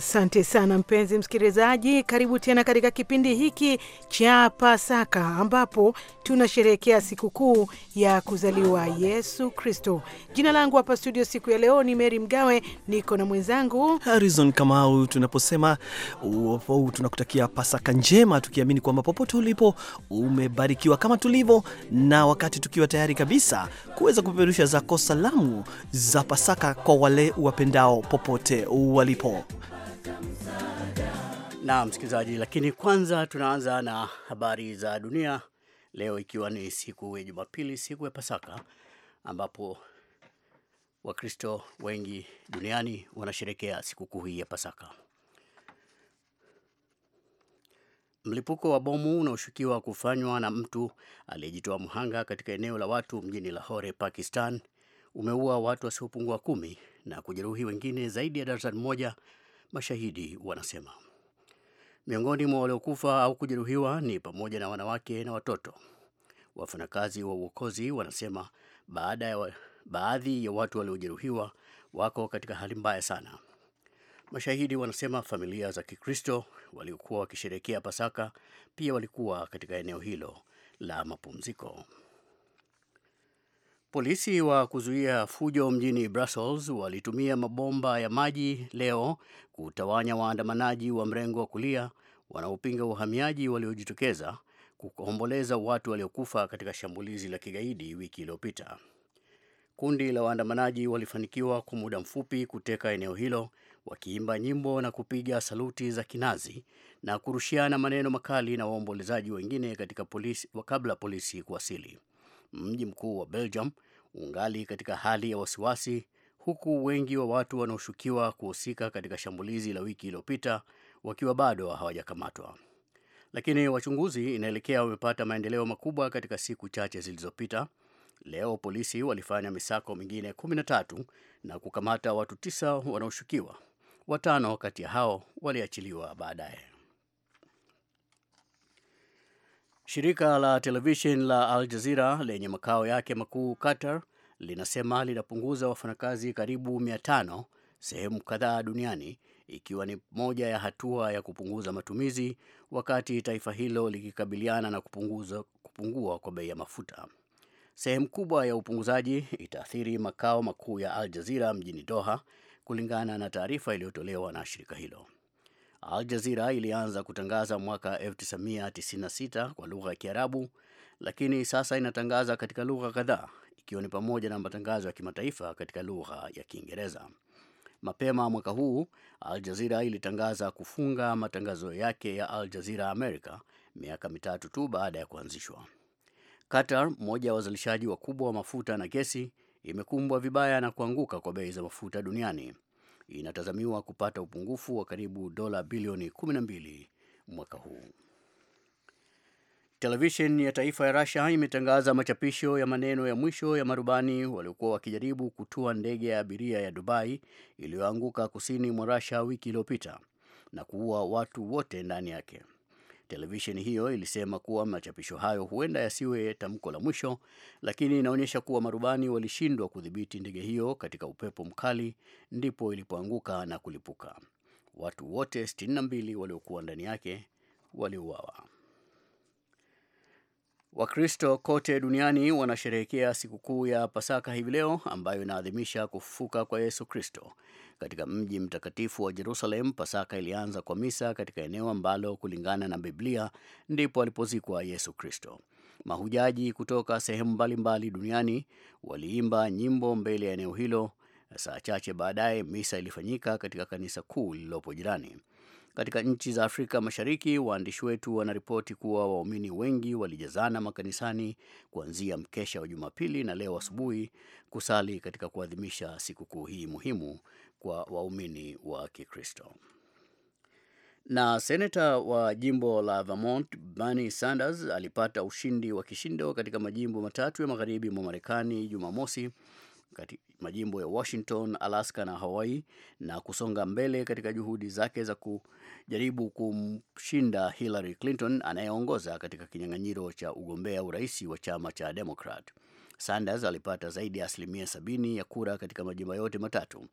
Asante sana mpenzi msikilizaji, karibu tena katika kipindi hiki cha Pasaka ambapo tunasherehekea sikukuu ya kuzaliwa Yesu Kristo. Jina langu hapa studio siku ya leo ni Meri Mgawe, niko na mwenzangu Harrison Kamau. Tunaposema tunakutakia Pasaka njema, tukiamini kwamba popote ulipo umebarikiwa kama tulivyo, na wakati tukiwa tayari kabisa kuweza kupeperusha zako salamu za Pasaka kwa wale wapendao popote walipo na msikilizaji, lakini kwanza tunaanza na habari za dunia leo, ikiwa ni siku ya Jumapili, siku ya Pasaka, ambapo Wakristo wengi duniani wanasherekea sikukuu hii ya Pasaka. Mlipuko wa bomu unaoshukiwa kufanywa na mtu aliyejitoa mhanga katika eneo la watu mjini Lahore, Pakistan, umeua watu wasiopungua kumi na kujeruhi wengine zaidi ya darzani moja mashahidi wanasema. Miongoni mwa waliokufa au kujeruhiwa ni pamoja na wanawake na watoto. Wafanyakazi wa uokozi wanasema baada ya wa, baadhi ya watu waliojeruhiwa wako katika hali mbaya sana. Mashahidi wanasema familia za Kikristo waliokuwa wakisherehekea Pasaka pia walikuwa katika eneo hilo la mapumziko. Polisi wa kuzuia fujo mjini Brussels walitumia mabomba ya maji leo kutawanya waandamanaji wa mrengo wa kulia wanaopinga uhamiaji waliojitokeza kukomboleza watu waliokufa katika shambulizi la kigaidi wiki iliyopita. Kundi la waandamanaji walifanikiwa kwa muda mfupi kuteka eneo hilo wakiimba nyimbo na kupiga saluti za kinazi na kurushiana maneno makali na waombolezaji wengine katika polisi, kabla polisi kuwasili mji mkuu wa Belgium, ungali katika hali ya wasiwasi, huku wengi wa watu wanaoshukiwa kuhusika katika shambulizi la wiki iliyopita wakiwa bado hawajakamatwa. Lakini wachunguzi inaelekea wamepata maendeleo makubwa katika siku chache zilizopita. Leo polisi walifanya misako mingine 13 na kukamata watu tisa wanaoshukiwa. Watano kati ya hao waliachiliwa baadaye. Shirika la televishen la Al Jazeera lenye makao yake makuu Qatar linasema linapunguza wafanyakazi karibu 500 sehemu kadhaa duniani ikiwa ni moja ya hatua ya kupunguza matumizi wakati taifa hilo likikabiliana na kupunguza, kupungua kwa bei ya mafuta. Sehemu kubwa ya upunguzaji itaathiri makao makuu ya Al Jazeera mjini Doha kulingana na taarifa iliyotolewa na shirika hilo. Al Jazeera ilianza kutangaza mwaka 1996 kwa lugha ya Kiarabu, lakini sasa inatangaza katika lugha kadhaa ikiwa ni pamoja na matangazo ya kimataifa katika lugha ya Kiingereza. Mapema mwaka huu Al Jazeera ilitangaza kufunga matangazo yake ya Al Jazeera America miaka mitatu tu baada ya kuanzishwa. Qatar, mmoja ya wazalishaji wakubwa wa mafuta na gesi, imekumbwa vibaya na kuanguka kwa bei za mafuta duniani inatazamiwa kupata upungufu wa karibu dola bilioni 12 mwaka huu. Televisheni ya taifa ya Russia imetangaza machapisho ya maneno ya mwisho ya marubani waliokuwa wakijaribu kutua ndege ya abiria ya Dubai iliyoanguka kusini mwa Russia wiki iliyopita na kuua watu wote ndani yake. Televisheni hiyo ilisema kuwa machapisho hayo huenda yasiwe tamko la mwisho, lakini inaonyesha kuwa marubani walishindwa kudhibiti ndege hiyo katika upepo mkali, ndipo ilipoanguka na kulipuka. Watu wote 62 waliokuwa ndani yake waliuawa. Wakristo kote duniani wanasherehekea sikukuu ya Pasaka hivi leo ambayo inaadhimisha kufufuka kwa Yesu Kristo. Katika mji mtakatifu wa Jerusalem, Pasaka ilianza kwa misa katika eneo ambalo kulingana na Biblia ndipo alipozikwa Yesu Kristo. Mahujaji kutoka sehemu mbalimbali duniani waliimba nyimbo mbele ya eneo hilo. Saa chache baadaye misa ilifanyika katika kanisa kuu lililopo jirani. Katika nchi za Afrika Mashariki, waandishi wetu wanaripoti kuwa waumini wengi walijazana makanisani kuanzia mkesha wa Jumapili na leo asubuhi kusali katika kuadhimisha sikukuu hii muhimu kwa waumini wa Kikristo. Na seneta wa jimbo la Vermont Bernie Sanders alipata ushindi wa kishindo katika majimbo matatu ya magharibi mwa Marekani Jumamosi kati majimbo ya Washington, Alaska na Hawaii na kusonga mbele katika juhudi zake za kujaribu kumshinda Hillary Clinton anayeongoza katika kinyang'anyiro cha ugombea urais wa chama cha Democrat. Sanders alipata zaidi ya asilimia sabini ya kura katika majimbo yote matatu,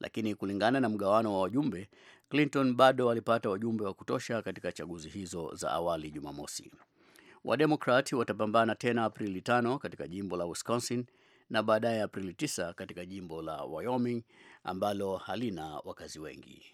lakini kulingana na mgawano wa wajumbe, Clinton bado alipata wajumbe wa kutosha katika chaguzi hizo za awali Jumamosi. Wademokrati watapambana tena Aprili tano katika jimbo la Wisconsin na baadaye Aprili 9 katika jimbo la Wyoming ambalo halina wakazi wengi.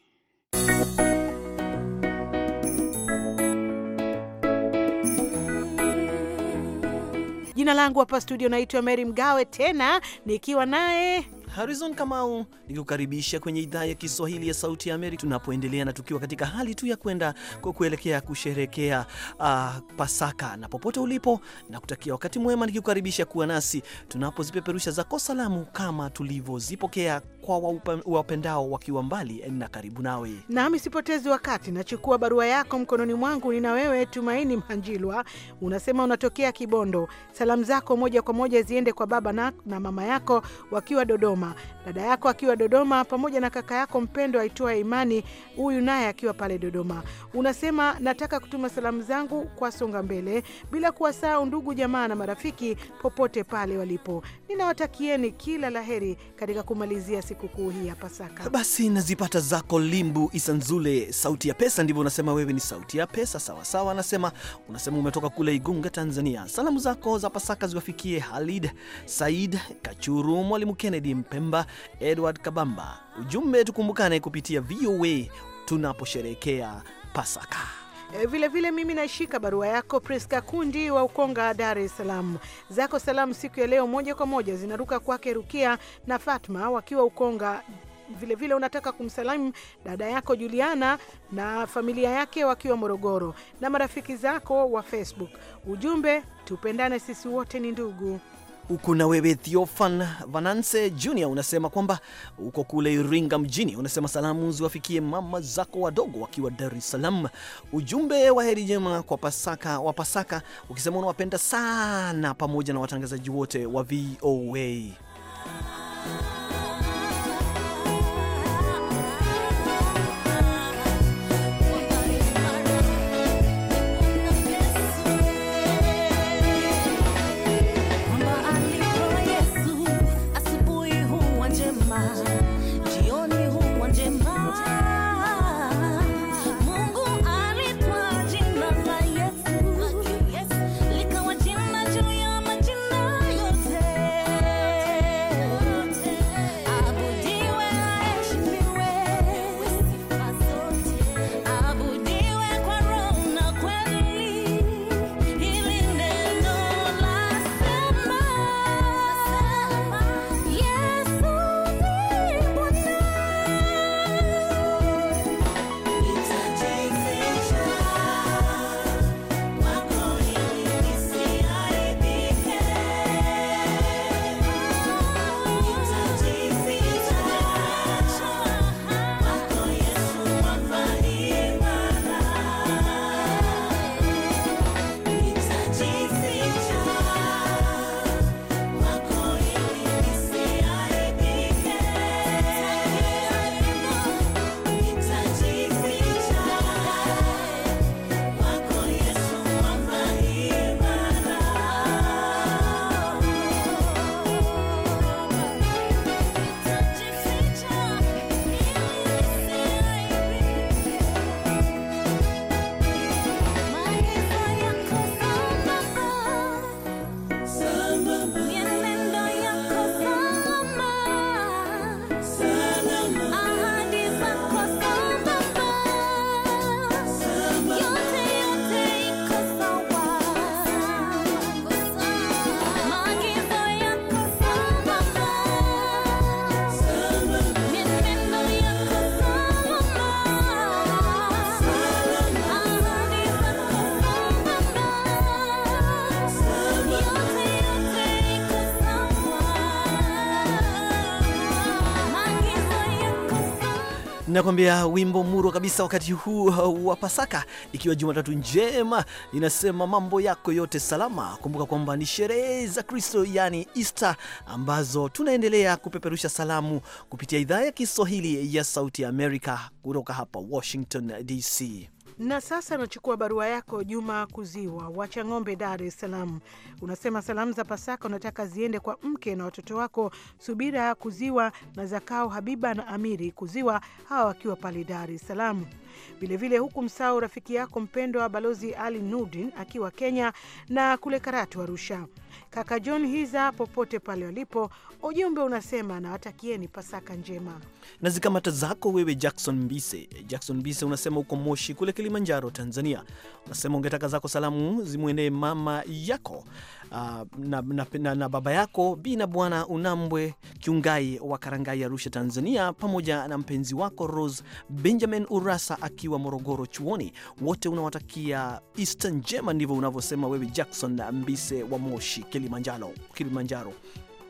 Jina langu hapa studio naitwa Mary Mgawe, tena nikiwa naye Harrison Kamau nikukaribisha kwenye idhaa ya Kiswahili ya Sauti ya Amerika, tunapoendelea na tukiwa katika hali tu ya kwenda kwa kuelekea kusherekea uh, Pasaka. Na popote ulipo, na kutakia wakati mwema, nikikukaribisha kuwa nasi tunapozipeperusha zako salamu kama tulivyozipokea kwa wapendao wakiwa mbali na karibu nawe. Nami sipotezi wakati, nachukua barua yako mkononi mwangu. Nina wewe Tumaini Mhanjilwa, unasema unatokea Kibondo. Salamu zako moja kwa moja ziende kwa baba na, na mama yako wakiwa Dodoma, dada yako akiwa Dodoma, pamoja na kaka yako mpendo aitoa Imani, huyu naye akiwa pale Dodoma. Unasema nataka kutuma salamu zangu kwa Songa Mbele, bila kuwasahau ndugu jamaa na marafiki popote pale walipo. Ninawatakieni kila laheri katika kumalizia siku sikukuu hii ya Pasaka. Basi nazipata zako Limbu Isanzule, sauti ya pesa, ndivyo unasema wewe, ni sauti ya pesa. Sawasawa sawa, anasema unasema umetoka kule Igunga, Tanzania. Salamu zako za Pasaka ziwafikie Halid Said Kachuru, Mwalimu Kennedy Mpemba, Edward Kabamba. Ujumbe tukumbukane kupitia VOA tunaposherekea Pasaka. Vilevile eh, vile mimi naishika barua yako Priska Kundi wa Ukonga, Dar es Salaam. Zako salamu siku ya leo moja kwa moja zinaruka kwake Rukia na Fatma wakiwa Ukonga vilevile vile unataka kumsalimu dada yako Juliana na familia yake wakiwa Morogoro na marafiki zako wa Facebook. Ujumbe, tupendane sisi wote ni ndugu uko na wewe Theophan Vanance Jr unasema kwamba uko kule Iringa mjini, unasema salamu ziwafikie mama zako wadogo wakiwa Dar es Salaam. Ujumbe wa heri njema kwa Pasaka wa Pasaka, ukisema unawapenda sana pamoja na watangazaji wote wa VOA. nakwambia wimbo murwa kabisa wakati huu uh, wa Pasaka, ikiwa Jumatatu njema inasema mambo yako yote salama. Kumbuka kwamba ni sherehe za Kristo, yani Easter, ambazo tunaendelea kupeperusha salamu kupitia idhaa ya Kiswahili ya Sauti ya Amerika kutoka hapa Washington DC. Na sasa nachukua barua yako Juma Kuziwa wacha ng'ombe, Dar es Salaam. Unasema salamu za Pasaka unataka ziende kwa mke na watoto wako Subira Kuziwa na Zakao Habiba na Amiri Kuziwa, hawa wakiwa pale Dar es Salaam. Vilevile huku msao rafiki yako mpendwa Balozi Ali Nudin akiwa Kenya na kule Karatu Arusha, kaka John Hiza popote pale walipo, ujumbe unasema nawatakieni Pasaka njema. Na zikamata zako wewe Jackson Mbise, Jackson Mbise unasema uko Moshi kule Kilimanjaro, Tanzania. Unasema ungetaka zako salamu zimwendee mama yako uh, na, na, na, na baba yako Bi na Bwana Unambwe Kiungai wa Karangai, Arusha, Tanzania, pamoja na mpenzi wako Rose Benjamin Urasa akiwa Morogoro chuoni. Wote unawatakia Easter njema, ndivyo unavyosema wewe Jackson Mbise wa Moshi, Kilimanjaro, Kilimanjaro.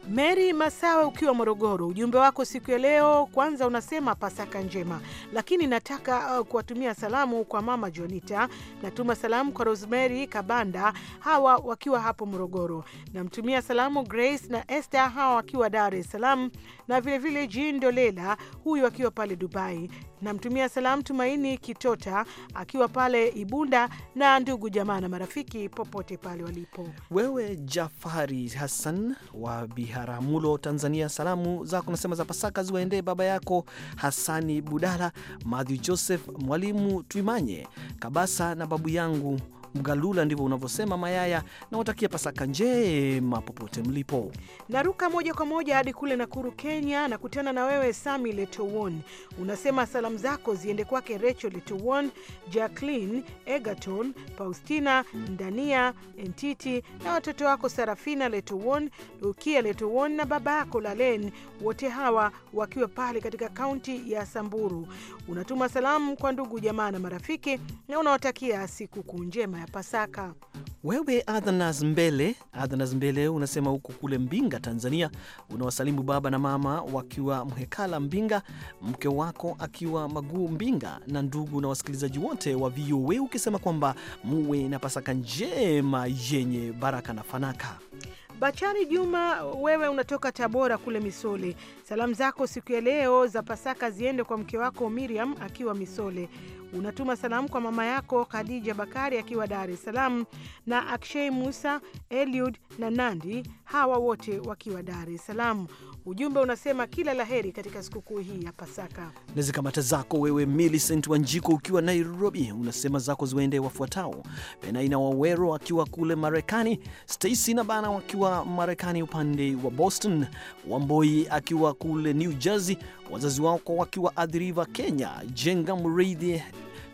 Mary Masawe ukiwa Morogoro, ujumbe wako siku ya leo, kwanza unasema Pasaka njema, lakini nataka uh, kuwatumia salamu kwa mama Jonita, natuma salamu kwa Rosemary Kabanda, hawa wakiwa hapo Morogoro, namtumia salamu Grace na Esther, hawa wakiwa Dar es Salaam, na vilevile Jean Dolela, huyu akiwa pale Dubai, namtumia salamu Tumaini Kitota akiwa pale Ibunda na ndugu jamaa na marafiki popote pale walipo. Wewe Jafari Hassan wa Biharamulo, Tanzania, salamu zako nasema za Pasaka ziwaendee baba yako hasani Budala, Mathew Joseph, Mwalimu Twimanye Kabasa na babu yangu mgalula, ndivyo unavyosema Mayaya. watakia Pasaka njema popote mlipo. Naruka moja kwa moja hadi kule Nakuru, Kenya, nakutana na wewe Sami Letowon. Unasema salamu zako ziende kwake Rachel Letowon, Jacqueline Egerton, Faustina Ndania Entiti na watoto wako Sarafina Letowon, Rukia Letowon na baba yako Lalen, wote hawa wakiwa pale katika kaunti ya Samburu. Unatuma salamu kwa ndugu jamaa na marafiki na unawatakia sikukuu njema ya Pasaka. Wewe Adhanas Mbele, Adhanas Mbele unasema huko kule Mbinga, Tanzania, unawasalimu baba na mama wakiwa Mhekala Mbinga, mke wako akiwa Maguu Mbinga na ndugu na wasikilizaji wote wa VOA, ukisema kwamba muwe na Pasaka njema yenye baraka na fanaka. Bachari Juma, wewe unatoka Tabora kule Misole. Salamu zako siku ya leo za Pasaka ziende kwa mke wako Miriam akiwa Misole. Unatuma salamu kwa mama yako Khadija Bakari akiwa Dar es Salaam na Akshay Musa, Eliud na Nandi, hawa wote wakiwa Dar es Salaam. Ujumbe unasema kila laheri katika sikukuu hii ya Pasaka. nazikamata zako wewe Millicent Wanjiko ukiwa Nairobi, unasema zako ziwaende wafuatao: penaina Wawero akiwa kule Marekani, Stacy na Bana wakiwa Marekani upande wa Boston, Wamboi akiwa kule New Jersey, wazazi wako wakiwa Athi River, Kenya, Jenga Muridi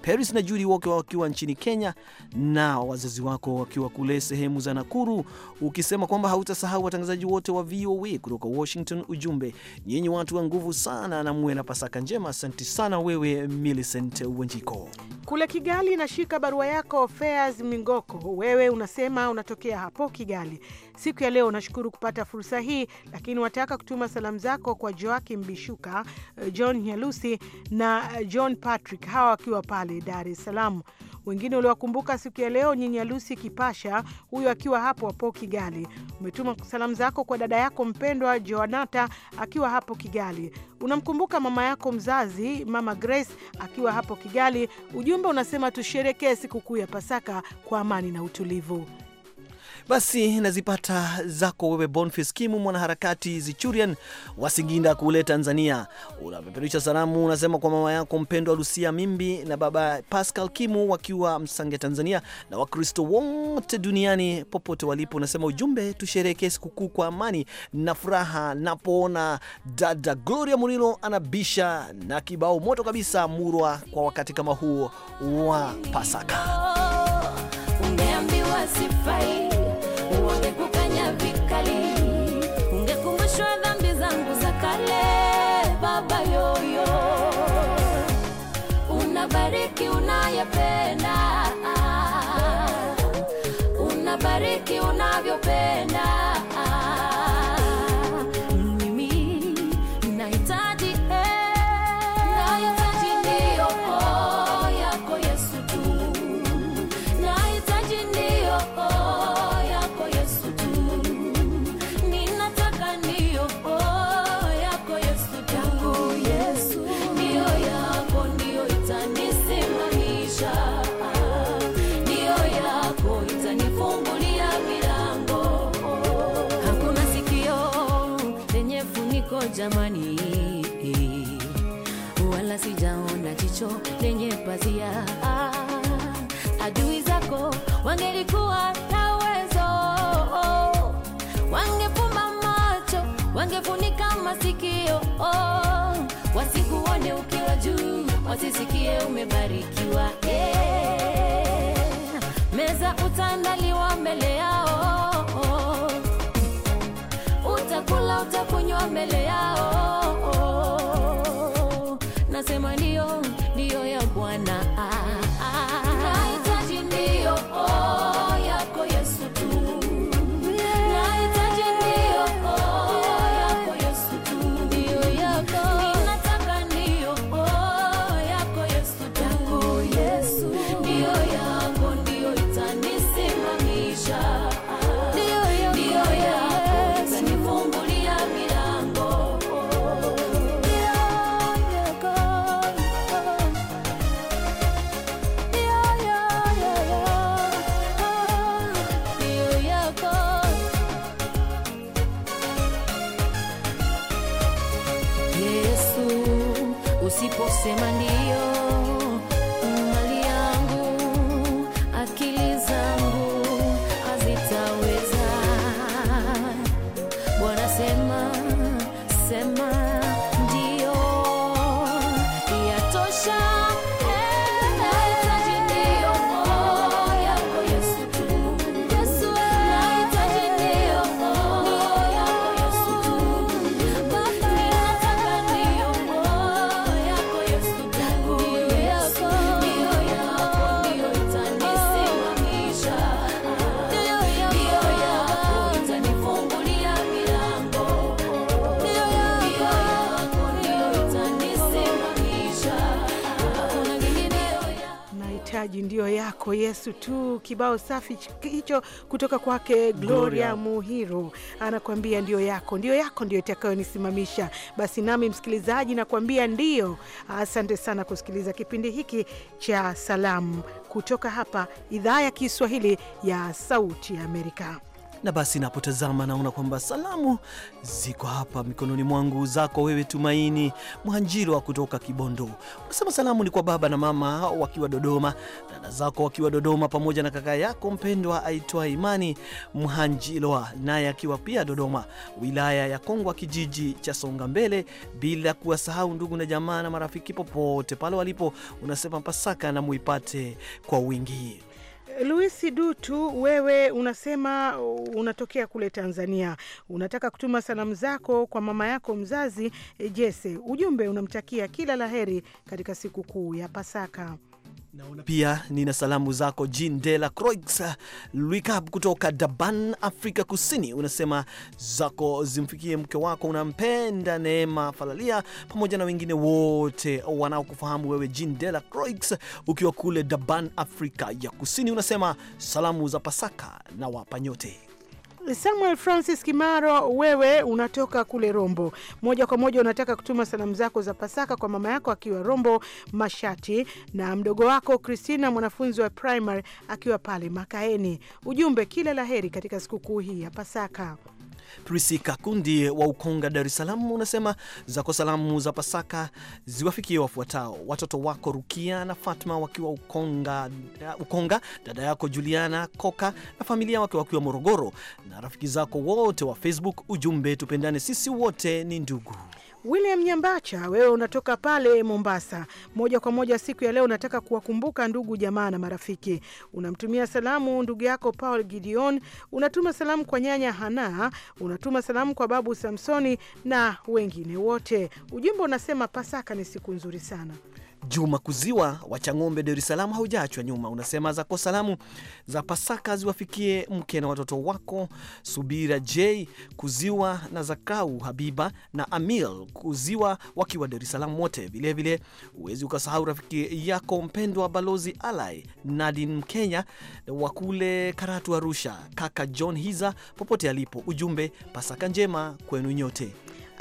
Paris na Judy Walker wakiwa nchini Kenya na wazazi wako wakiwa kule sehemu za Nakuru, ukisema kwamba hautasahau watangazaji wote wa VOA kutoka Washington. Ujumbe, nyinyi watu wa nguvu sana na muwe na Pasaka njema. Asante sana wewe Millicent Wanjiko kule Kigali. Nashika barua yako fes Mingoko, wewe unasema unatokea hapo Kigali. Siku ya leo unashukuru kupata fursa hii, lakini wataka kutuma salamu zako kwa Joakim Bishuka, eh, John Nyalusi na eh, John Patrick, hawa wakiwa pale Dar es Salaam. Wengine uliwakumbuka siku ya leo, nyinyi Lucy Kipasha, huyo akiwa hapo hapo Kigali. Umetuma salamu zako kwa dada yako mpendwa Joanata akiwa hapo Kigali. Unamkumbuka mama yako mzazi mama Grace akiwa hapo Kigali. Ujumbe unasema tusherekee sikukuu ya Pasaka kwa amani na utulivu. Basi nazipata zako wewe, Bonfis Kimu, mwanaharakati Zichurian wa Singinda kule Tanzania. Unapeperusha salamu, unasema kwa mama yako mpendwa Lucia Mimbi na baba Pascal Kimu wakiwa Msange, Tanzania, na Wakristo wote duniani popote walipo. Unasema ujumbe, tusherehekee sikukuu kwa amani na furaha. Napoona dada Gloria Murilo anabisha na kibao moto kabisa murwa kwa wakati kama huo wa Pasaka, umeambiwa sifai unayependa, unabariki unavyopenda jamani, wala sijaona jicho lenye pazia. Adui zako wangelikuwa na uwezo, wangefumba macho, wangefunika masikio, wasikuone ukiwa juu, wasisikie umebarikiwa. Meza utandaliwa mbele yao wala utakunywa mbele yao. Nasema ndio, ndio ya Bwana. kwako Yesu tu. Kibao safi hicho kutoka kwake Gloria Muhiru, anakuambia ndio yako, ndio yako ndio itakayonisimamisha. Basi nami msikilizaji nakuambia ndio. Asante sana kusikiliza kipindi hiki cha salamu kutoka hapa idhaa ya Kiswahili ya Sauti ya Amerika na basi napotazama naona kwamba salamu ziko hapa mikononi mwangu, zako wewe Tumaini wa kutoka Kibondo. Unasema salamu ni kwa baba na mama wakiwa Dodoma, dada zako wakiwa Dodoma, pamoja na kaka yako mpendwa aitwa Imani mhanjilwa naye akiwa pia Dodoma, wilaya ya Kongwa, kijiji cha Songa Mbele, bila kuwasahau ndugu na jamaa na marafiki popote pale walipo. Unasema Pasaka na muipate kwa wingi. Luisi Dutu, wewe unasema unatokea kule Tanzania, unataka kutuma salamu zako kwa mama yako mzazi eh, Jese. Ujumbe unamtakia kila laheri katika sikukuu ya Pasaka. Naona pia nina salamu zako Jean de la Croix Luikab kutoka Durban, Afrika Kusini. Unasema zako zimfikie mke wako unampenda Neema Falalia pamoja na wengine wote wanaokufahamu wewe, Jean de la Croix, ukiwa kule Durban, Afrika ya Kusini. Unasema salamu za Pasaka na wapa nyote Samuel Francis Kimaro, wewe unatoka kule Rombo, moja kwa moja unataka kutuma salamu zako za Pasaka kwa mama yako akiwa Rombo Mashati na mdogo wako Christina, mwanafunzi wa primary akiwa pale Makaeni. Ujumbe, kila laheri katika sikukuu hii ya Pasaka. Prisika Kundi wa Ukonga, Dar es Salaam, unasema zako salamu za Pasaka ziwafikie wafuatao: watoto wako Rukia na Fatma wakiwa Ukonga, Ukonga, dada yako Juliana Koka na familia wake wakiwa Morogoro, na rafiki zako wote wa Facebook. Ujumbe, tupendane sisi wote ni ndugu. William Nyambacha, wewe unatoka pale Mombasa moja kwa moja. Siku ya leo unataka kuwakumbuka ndugu jamaa na marafiki. Unamtumia salamu ndugu yako Paul Gideon, unatuma salamu kwa nyanya Hana, unatuma salamu kwa babu Samsoni na wengine wote. Ujumbe unasema Pasaka ni siku nzuri sana. Juma Kuziwa wa Chang'ombe, Dar es Salaam, haujaachwa nyuma. Unasema zako salamu za Pasaka ziwafikie mke na watoto wako Subira J Kuziwa na Zakau Habiba na Amil Kuziwa wakiwa Dar es Salaam wote. Vilevile huwezi ukasahau rafiki yako mpendwa Balozi Alai Nadin Mkenya wa kule Karatu, Arusha, kaka John Hiza popote alipo. Ujumbe, Pasaka njema kwenu nyote.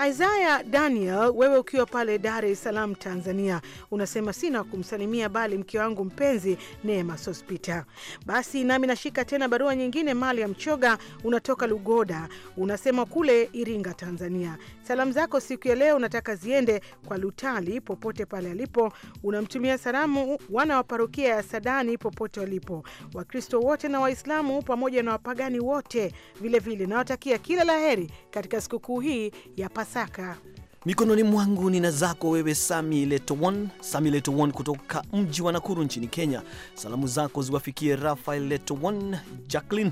Isaya Daniel, wewe ukiwa pale Dar es Salaam, Tanzania, unasema sina kumsalimia bali mke wangu mpenzi Neema Sospita. Basi nami nashika tena barua nyingine. Mali ya Mchoga, unatoka Lugoda, unasema kule Iringa, Tanzania, Salamu zako siku ya leo unataka ziende kwa Lutali popote pale alipo. Unamtumia salamu wana wa parokia ya Sadani popote walipo, Wakristo wote na Waislamu pamoja na wapagani wote vilevile. Nawatakia kila laheri katika sikukuu hii ya Pasaka. Mikononi mwangu nina zako wewe, Sami Letowon. Sami Letowon kutoka mji wa Nakuru nchini Kenya. Salamu zako ziwafikie Rafael Letowon, Jacqueline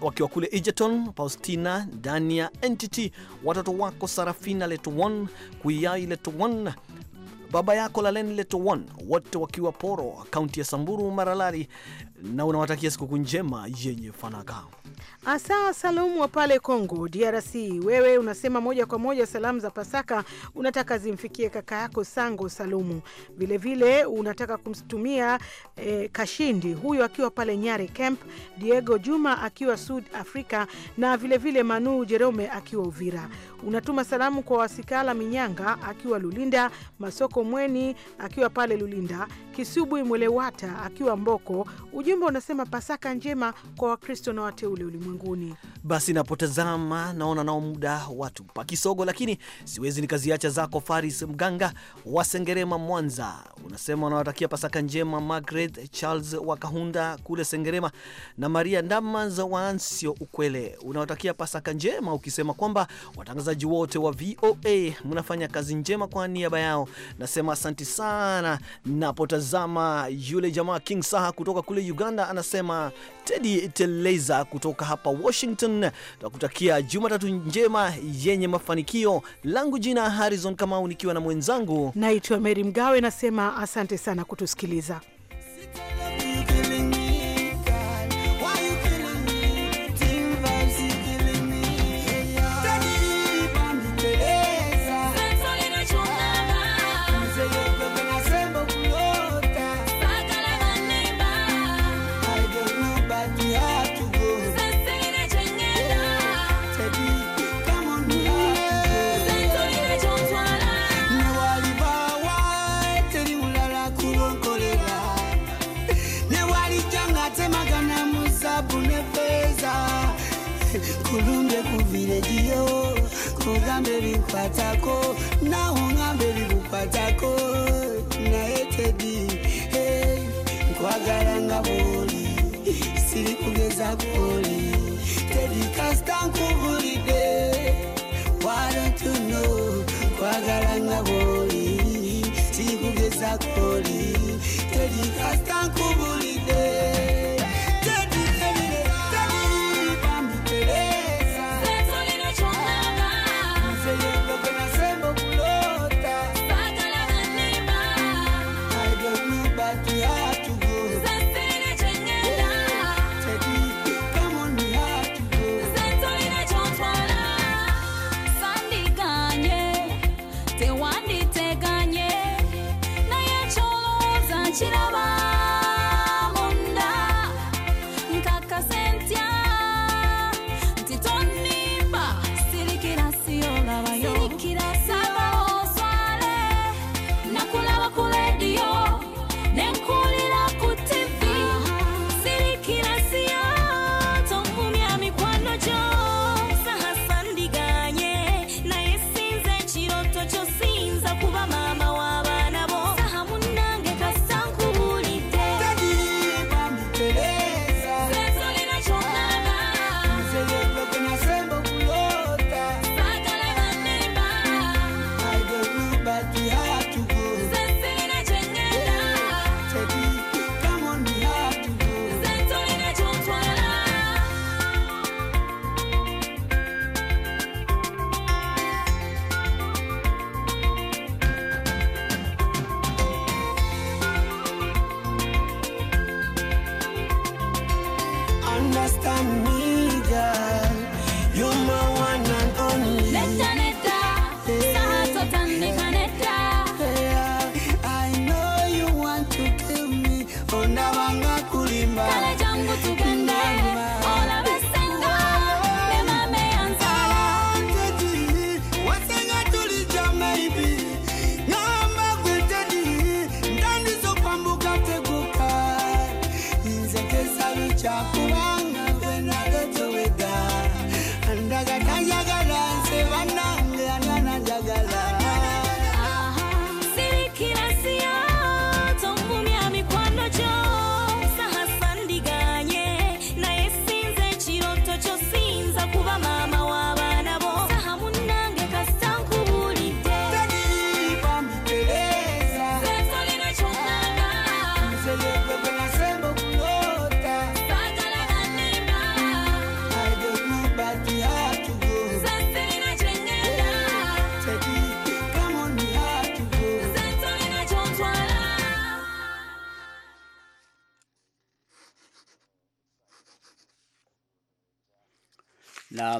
wakiwa kule Egerton, Faustina, Dania, Entity, watoto wako Sarafina Letowon, Kuyai Letowon, baba yako Lalen Letowon, wote wakiwa Poro, kaunti ya Samburu, Maralari, na unawatakia sikukuu njema yenye fanaka. Asa Salumu wa pale Congo DRC, wewe unasema moja kwa moja salamu za Pasaka unataka zimfikie kaka yako Sango Salumu, vilevile vile unataka kumtumia eh, Kashindi huyo akiwa pale Nyare Camp, Diego Juma akiwa Sud Africa na vilevile vile Manu Jerome akiwa Uvira. Unatuma salamu kwa Wasikala Minyanga akiwa Lulinda Masoko Komweni akiwa pale Lulinda, Kisubwi Mwelewata akiwa Mboko, ujumbe unasema Pasaka njema kwa Wakristo na wateule ulimwenguni. Basi napotazama naona nao muda watu pa kisogo, lakini siwezi nikaziacha zako. Faris Mganga wa Sengerema, Mwanza, unasema unawatakia Pasaka njema Margaret Charles Wakahunda kule Sengerema na Maria Ndamanza Waansio Ukwele, unawatakia Pasaka njema ukisema kwamba watangazaji wote wa VOA mnafanya kazi njema. Kwa niaba yao nasema asanti sana napotazama Nikimtazama yule jamaa King Saha kutoka kule Uganda anasema Teddy Teleza kutoka hapa Washington, tunakutakia Jumatatu njema yenye mafanikio. Langu jina Harrison Kamau, nikiwa na mwenzangu naitwa Mary Mgawe, nasema asante sana kutusikiliza. ugambe bikwatako naho ungambe bigukwatako Na tedi hey, nkwagala nga bwoli siri kugeza kwoli tedi kasita nkubulidde wadotuno nkwagala nga bwoli siri kugeza kwoli tedi kasita nkubulidde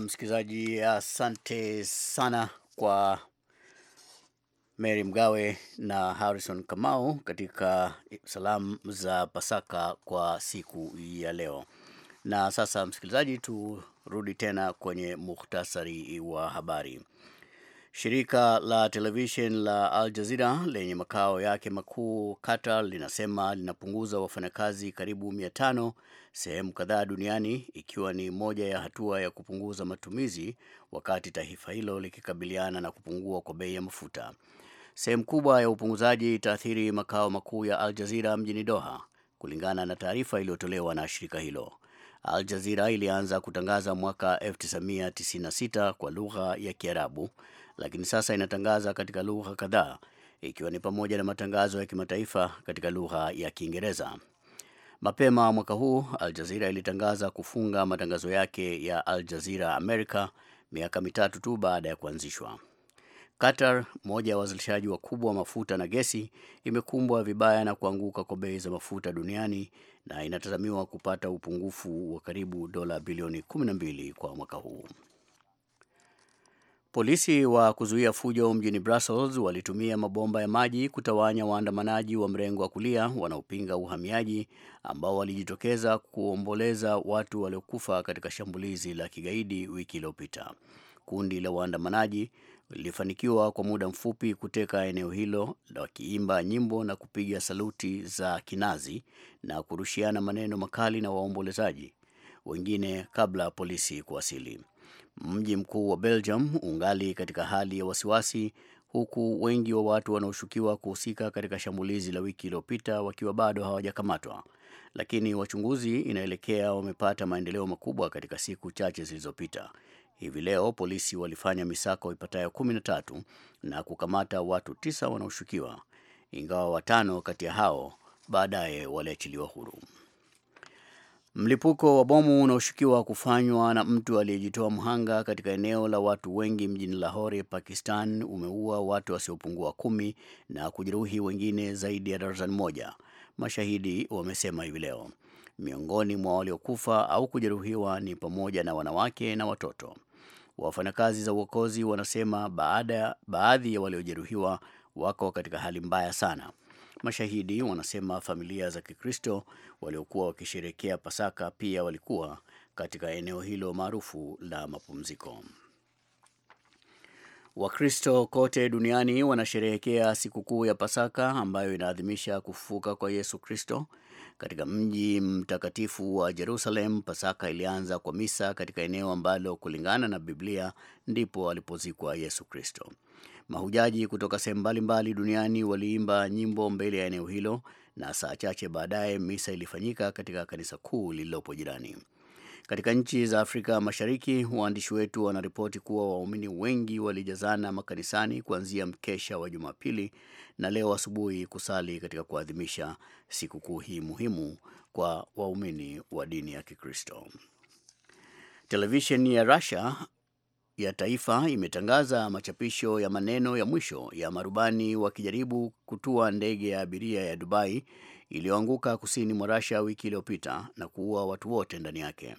msikilizaji, asante sana kwa Mary Mgawe na Harrison Kamau katika salamu za Pasaka kwa siku ya leo. Na sasa msikilizaji, turudi tena kwenye muhtasari wa habari. Shirika la televishen la Al Jazeera lenye makao yake makuu Qatar linasema linapunguza wafanyakazi karibu mia tano sehemu kadhaa duniani, ikiwa ni moja ya hatua ya kupunguza matumizi, wakati taifa hilo likikabiliana na kupungua kwa bei ya mafuta. Sehemu kubwa ya upunguzaji itaathiri makao makuu ya Al Jazira mjini Doha, kulingana na taarifa iliyotolewa na shirika hilo. Al Jazira ilianza kutangaza mwaka 1996 kwa lugha ya Kiarabu, lakini sasa inatangaza katika lugha kadhaa ikiwa ni pamoja na matangazo ya kimataifa katika lugha ya Kiingereza. Mapema mwaka huu Al Jazeera ilitangaza kufunga matangazo yake ya Al Jazeera America miaka mitatu tu baada ya kuanzishwa. Qatar, moja ya wazalishaji wakubwa wa mafuta na gesi, imekumbwa vibaya na kuanguka kwa bei za mafuta duniani na inatazamiwa kupata upungufu wa karibu dola bilioni 12 kwa mwaka huu. Polisi wa kuzuia fujo mjini Brussels walitumia mabomba ya maji kutawanya waandamanaji wa mrengo wa kulia wanaopinga uhamiaji ambao walijitokeza kuomboleza watu waliokufa katika shambulizi la kigaidi wiki iliyopita. Kundi la waandamanaji lilifanikiwa kwa muda mfupi kuteka eneo hilo wakiimba nyimbo na kupiga saluti za kinazi na kurushiana maneno makali na waombolezaji wengine kabla polisi kuwasili. Mji mkuu wa Belgium ungali katika hali ya wasiwasi, huku wengi wa watu wanaoshukiwa kuhusika katika shambulizi la wiki iliyopita wakiwa bado hawajakamatwa, lakini wachunguzi inaelekea wamepata maendeleo makubwa katika siku chache zilizopita. Hivi leo polisi walifanya misako ipatayo kumi na tatu na kukamata watu tisa wanaoshukiwa, ingawa watano kati ya hao baadaye waliachiliwa huru. Mlipuko wa bomu unaoshukiwa kufanywa na mtu aliyejitoa mhanga katika eneo la watu wengi mjini Lahore, Pakistan, umeua watu wasiopungua kumi na kujeruhi wengine zaidi ya darzan moja, mashahidi wamesema hivi leo. Miongoni mwa waliokufa au kujeruhiwa ni pamoja na wanawake na watoto. Wafanyakazi za uokozi wanasema baada, baadhi ya waliojeruhiwa wako katika hali mbaya sana. Mashahidi wanasema familia za Kikristo waliokuwa wakisherekea Pasaka pia walikuwa katika eneo hilo maarufu la mapumziko. Wakristo kote duniani wanasherehekea sikukuu ya Pasaka ambayo inaadhimisha kufufuka kwa Yesu Kristo. Katika mji mtakatifu wa Jerusalem, Pasaka ilianza kwa misa katika eneo ambalo kulingana na Biblia ndipo alipozikwa Yesu Kristo. Mahujaji kutoka sehemu mbalimbali duniani waliimba nyimbo mbele ya eneo hilo, na saa chache baadaye misa ilifanyika katika kanisa kuu lililopo jirani. Katika nchi za Afrika Mashariki, waandishi wetu wanaripoti kuwa waumini wengi walijazana makanisani kuanzia mkesha wa Jumapili na leo asubuhi kusali katika kuadhimisha sikukuu hii muhimu kwa waumini wa dini ya Kikristo. Televisheni ya Russia ya Taifa imetangaza machapisho ya maneno ya mwisho ya marubani wakijaribu kutua ndege ya abiria ya Dubai iliyoanguka kusini mwa Russia wiki iliyopita na kuua watu wote ndani yake.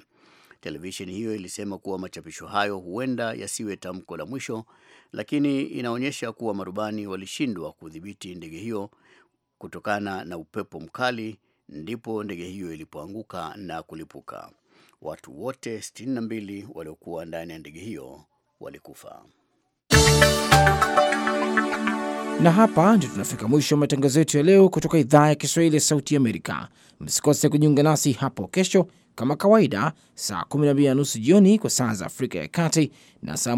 Televisheni hiyo ilisema kuwa machapisho hayo huenda yasiwe tamko la mwisho, lakini inaonyesha kuwa marubani walishindwa kudhibiti ndege hiyo kutokana na upepo mkali, ndipo ndege hiyo ilipoanguka na kulipuka. Watu wote 62 waliokuwa ndani ya ndege hiyo walikufa. Na hapa ndio tunafika mwisho wa matangazo yetu ya leo kutoka idhaa ya Kiswahili ya Sauti Amerika. Msikose kujiunga nasi hapo kesho kama kawaida, saa 12 na nusu jioni kwa saa za Afrika ya Kati na saa